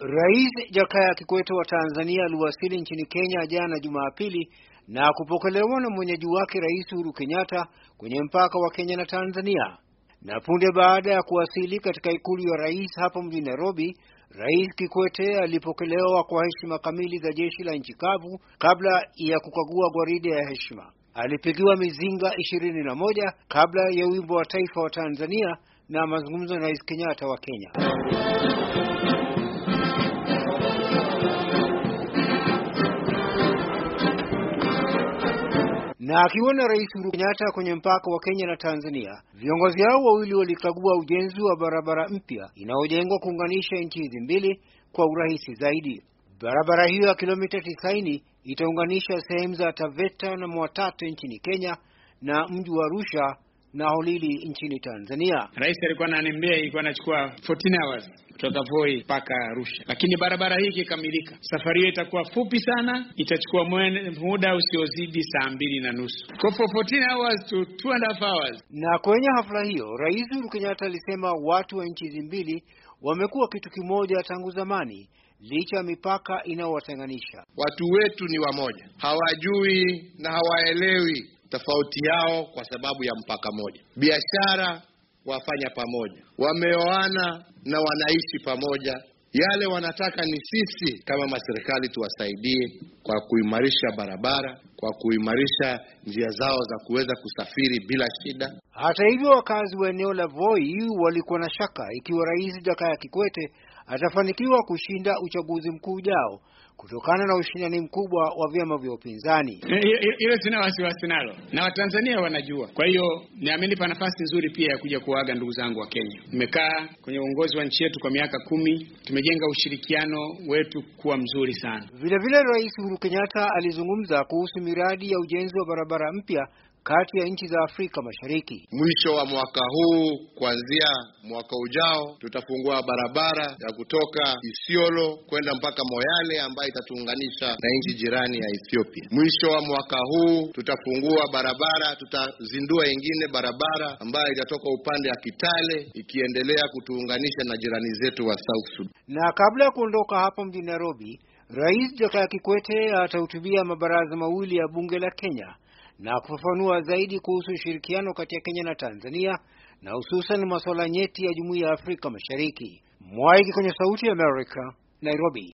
Rais Jakaya Kikwete wa Tanzania aliwasili nchini Kenya jana Jumapili na kupokelewa na mwenyeji wake Rais Uhuru Kenyatta kwenye mpaka wa Kenya na Tanzania. Na punde baada ya kuwasili katika ikulu ya rais hapo mjini Nairobi, Rais Kikwete alipokelewa kwa heshima kamili za jeshi la nchi kavu kabla ya kukagua gwaride ya heshima. Alipigiwa mizinga ishirini na moja kabla ya wimbo wa taifa wa Tanzania na mazungumzo na Rais Kenyatta wa Kenya. Na akiona Rais Uhuru Kenyatta kwenye mpaka wa Kenya na Tanzania, viongozi hao wawili walikagua ujenzi wa barabara mpya inayojengwa kuunganisha nchi hizi mbili kwa urahisi zaidi. Barabara hiyo ya kilomita 90 itaunganisha sehemu za Taveta na Mwatate nchini Kenya na mji wa Arusha na Holili nchini Tanzania. Rais alikuwa ananiambia ilikuwa anachukua 14 hours kutoka Voi mpaka Arusha, lakini barabara hii ikikamilika, safari hiyo itakuwa fupi sana, itachukua muda usiozidi saa mbili na nusu kwa 14 hours to 2 and a half hours. Na kwenye hafla hiyo Rais Uhuru Kenyatta alisema watu wa nchi hizi mbili wamekuwa kitu kimoja tangu zamani licha ya mipaka inayowatenganisha. Watu wetu ni wamoja, hawajui na hawaelewi tofauti yao kwa sababu ya mpaka moja. Biashara wafanya pamoja, wameoana na wanaishi pamoja. Yale wanataka ni sisi kama maserikali tuwasaidie kwa kuimarisha barabara, kwa kuimarisha njia zao za kuweza kusafiri bila shida. Hata hivyo, wakazi wa eneo la Voi walikuwa na shaka ikiwa Rais Jakaya Kikwete atafanikiwa kushinda uchaguzi mkuu ujao kutokana na ushindani mkubwa wa vyama vya upinzani. Hilo sina wasiwasi nalo na Watanzania wanajua. Kwa hiyo niamenipa nafasi nzuri pia ya kuja kuwaaga ndugu zangu wa Kenya. Nimekaa kwenye uongozi wa nchi yetu kwa miaka kumi, tumejenga ushirikiano wetu kuwa mzuri sana. Vilevile Rais Uhuru Kenyatta alizungumza kuhusu miradi ya ujenzi wa barabara mpya kati ya nchi za Afrika Mashariki. Mwisho wa mwaka huu kuanzia mwaka ujao tutafungua barabara ya kutoka Isiolo kwenda mpaka Moyale ambayo itatuunganisha na nchi jirani ya Ethiopia. Mwisho wa mwaka huu tutafungua barabara, tutazindua ingine barabara ambayo itatoka upande wa Kitale ikiendelea kutuunganisha na jirani zetu wa South Sudan. Na kabla ya kuondoka hapo mjini Nairobi Rais Jakaya Kikwete atahutubia mabaraza mawili ya bunge la Kenya na kufafanua zaidi kuhusu ushirikiano kati ya Kenya na Tanzania na hususan masuala nyeti ya Jumuiya ya Afrika Mashariki. Mwaiki kwenye Sauti ya Amerika, Nairobi.